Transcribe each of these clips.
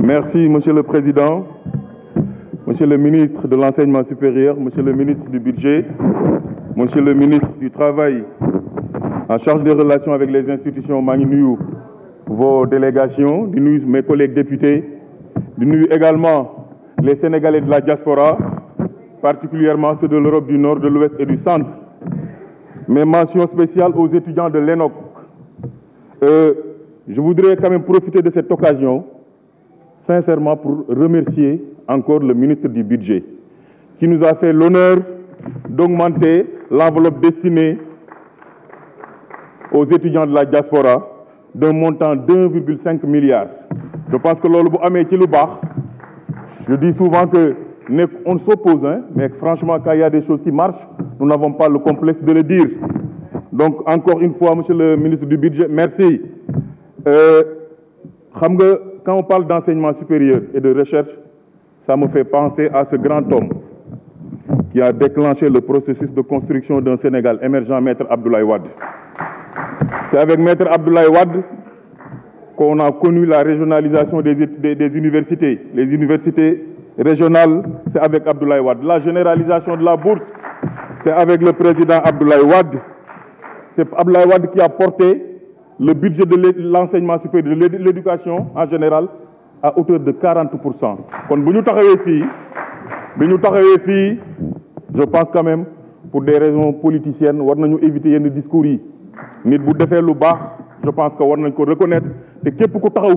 Merci, Monsieur le Président, Monsieur le ministre de l'Enseignement supérieur, Monsieur le ministre du Budget, Monsieur le ministre du Travail, en charge des relations avec les institutions magnu vos délégations, mes collègues députés, nous également les Sénégalais de la diaspora, particulièrement ceux de l'Europe du Nord, de l'Ouest et du Centre. Mes mentions spéciales aux étudiants de l'ENOC. Euh, je voudrais quand même profiter de cette occasion sincèrement pour remercier encore le ministre du Budget qui nous a fait l'honneur d'augmenter l'enveloppe destinée aux étudiants de la diaspora d'un montant de 1,5 milliard. Je pense que lolu bu amé je dis souvent que on s'oppose hein, mais franchement quand il y a des choses qui marchent, nous n'avons pas le complexe de le dire. Donc encore une fois monsieur le ministre du budget, merci. Euh quand on parle d'enseignement supérieur et de recherche, ça me fait penser à ce grand homme qui a déclenché le processus de construction d'un Sénégal émergent, Maître Abdoulaye Wade. C'est avec Maître Abdoulaye Wade qu'on a connu la régionalisation des, universités. Les universités régionales, c'est avec Abdoulaye Wade. La généralisation de la bourse, c'est avec le président Abdoulaye Wade. C'est Abdoulaye Wade qui a porté le budget de l'enseignement supérieur, de l'éducation en général, à hauteur de 40%. Quand nous avons je pense quand même, pour des raisons politiciennes, nous devons éviter les discours. Nous devons faire le bas, je pense que nous devons reconnaître. Et qui peut faire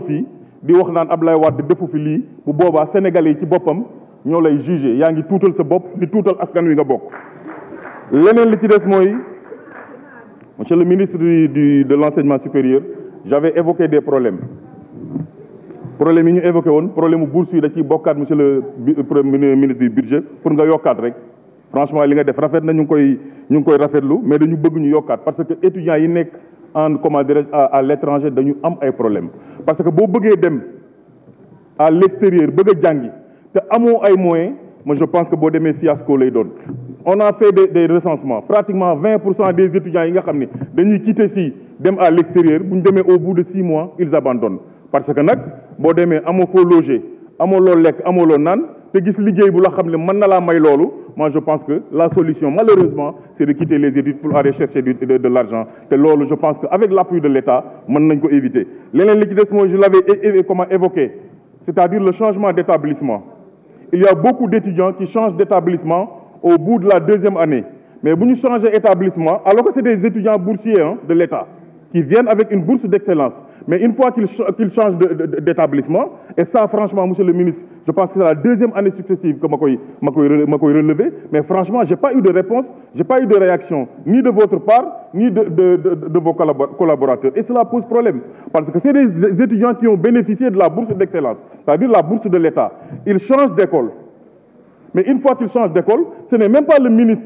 di wax naan Ablaye Wade defu fi lii bu boobaa sénégalais yi ci boppam ñoo lay jugé yaa ngi tuutal sa bopp tout le monde wi nga bokk leneen li ci des Monsieur le ministre de l'enseignement supérieur j'avais évoqué des problèmes problème nous ñu évoqué problème les bourse yi da monsieur le ministre du budget pour nga yokkaat rek franchement li nga def rafet na ñu avons koy des mais nous bëgg ñu parce que étudiants yi sont en à l'étranger nous avons des problèmes. parce que si vous dem à l'extérieur si a avez des ay moyens mais je pense que vous demee fiasco lay on a fait des, recensements. Pratiquement 20% des étudiants qui ont quitté ici, à l'extérieur, au bout de 6 mois, ils abandonnent. Parce que, si on a fo loger, amo logé, lek, on nan, gis na la moi je pense que la solution malheureusement, c'est de quitter les études pour aller chercher de, de, l'argent. C'est je pense qu'avec l'appui de l'État, on nañ ko éviter. je l'avais évoqué, c'est-à-dire le changement d'établissement. Il y a beaucoup d'étudiants qui changent d'établissement au bout de la deuxième année. Mais vous nous changez d'établissement, alors que c'est des étudiants boursiers hein, de l'État qui viennent avec une bourse d'excellence, mais une fois qu'ils changent d'établissement, et ça, franchement, monsieur le ministre, je pense que c'est la deuxième année successive que makoï suis relevé, mais franchement, je n'ai pas eu de réponse, je n'ai pas eu de réaction, ni de votre part, ni de, de vos collaborateurs. Et cela pose problème, parce que c'est des étudiants qui ont bénéficié de la bourse d'excellence, c'est-à-dire la bourse de l'État. Ils changent d'école. Mais une fois qu'il change d'école, ce n'est même pas le ministre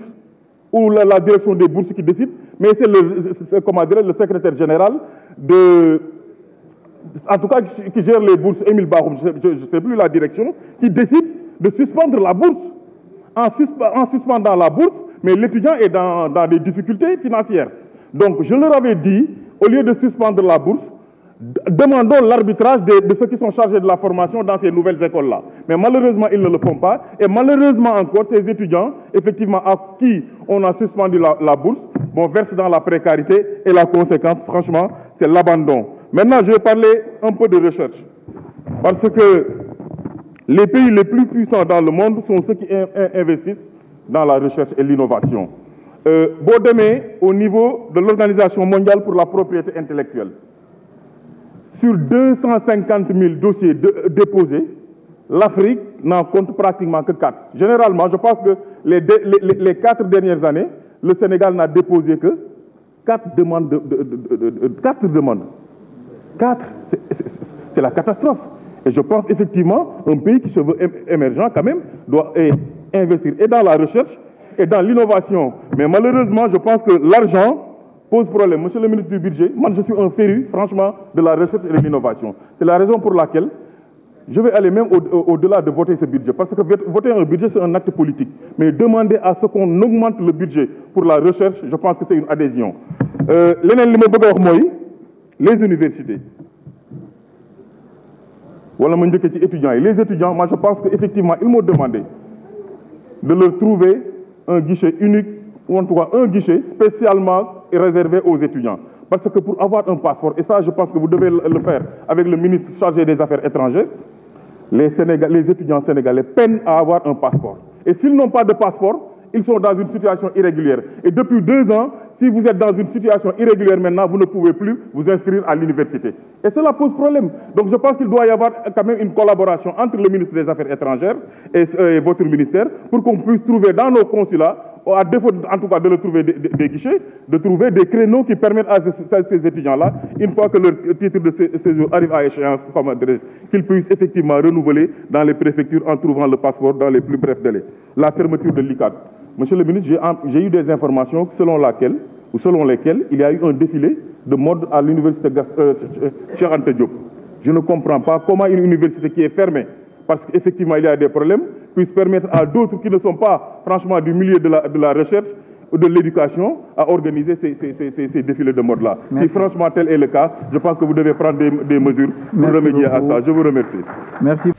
ou la, direction des bourses qui décide, mais c'est le, le secrétaire général en tout cas qui, gère les bourses, Émile Baroum, je ne sais plus la direction, qui décide de suspendre la bourse. En, suspendant la bourse, mais l'étudiant est dans des difficultés financières. Donc je leur avais dit, au lieu de suspendre la bourse, demandons l'arbitrage de, ceux qui sont chargés de la formation dans ces nouvelles écoles-là. Mais malheureusement, ils ne le font pas. Et malheureusement encore, ces étudiants, effectivement, à qui on a suspendu la, bourse, vont verser dans la précarité et la conséquence, franchement, c'est l'abandon. Maintenant, je vais parler un peu de recherche. Parce que les pays les plus puissants dans le monde sont ceux qui investissent dans la recherche et l'innovation. Euh, au niveau de l'Organisation mondiale pour la propriété intellectuelle, sur 250 000 dossiers euh, déposés, l'Afrique n'en compte pratiquement que 4. Généralement, je pense que les, les, 4 dernières années, le Sénégal n'a déposé que 4 demandes. De, 4 demandes. 4, c'est la catastrophe. Et je pense effectivement, un pays qui se veut émergent quand même doit investir et dans la recherche et dans l'innovation. Mais malheureusement, je pense que l'argent pose problème. Monsieur le ministre du Budget, moi je suis un féru, franchement, de la recherche et de l'innovation. C'est la raison pour laquelle je vais aller même au-delà de voter ce budget. Parce que voter un budget, c'est un acte politique. Mais demander à ce qu'on augmente le budget pour la recherche, je pense que c'est une adhésion. Euh, les universités. Voilà mon étudiants. Et les étudiants, moi je pense qu'effectivement, ils m'ont demandé de leur trouver un guichet unique, ou en tout cas un guichet spécialement réservé aux étudiants. Parce que pour avoir un passeport, et ça je pense que vous devez le faire avec le ministre chargé des Affaires étrangères, les, les étudiants sénégalais peinent à avoir un passeport. Et s'ils n'ont pas de passeport, ils sont dans une situation irrégulière. Et depuis deux ans, si vous êtes dans une situation irrégulière maintenant, vous ne pouvez plus vous inscrire à l'université. Et cela pose problème. Donc je pense qu'il doit y avoir quand même une collaboration entre le ministre des Affaires étrangères et euh, votre ministère pour qu'on puisse trouver dans nos consulats à défaut en tout cas de trouver des, guichets, de trouver des créneaux qui permettent à ces, étudiants-là, une fois que leur titre de séjour arrive à échéance, qu'ils puissent effectivement renouveler dans les préfectures en trouvant le passeport dans les plus brefs délais. La fermeture de l'ICAD. Monsieur le ministre, j'ai eu des informations selon laquelle ou selon lesquelles il y a eu un défilé de mode à l'université euh, euh Diop. Je ne comprends pas comment une université qui est fermée, parce qu'effectivement il y a des problèmes, puissent permettre à d'autres qui ne sont pas franchement du milieu de la, de la recherche ou de l'éducation à organiser ces, ces, défilés de mode-là. Si franchement tel est le cas, je pense que vous devez prendre des, mesures pour remédier à ça. Je vous remercie. Merci.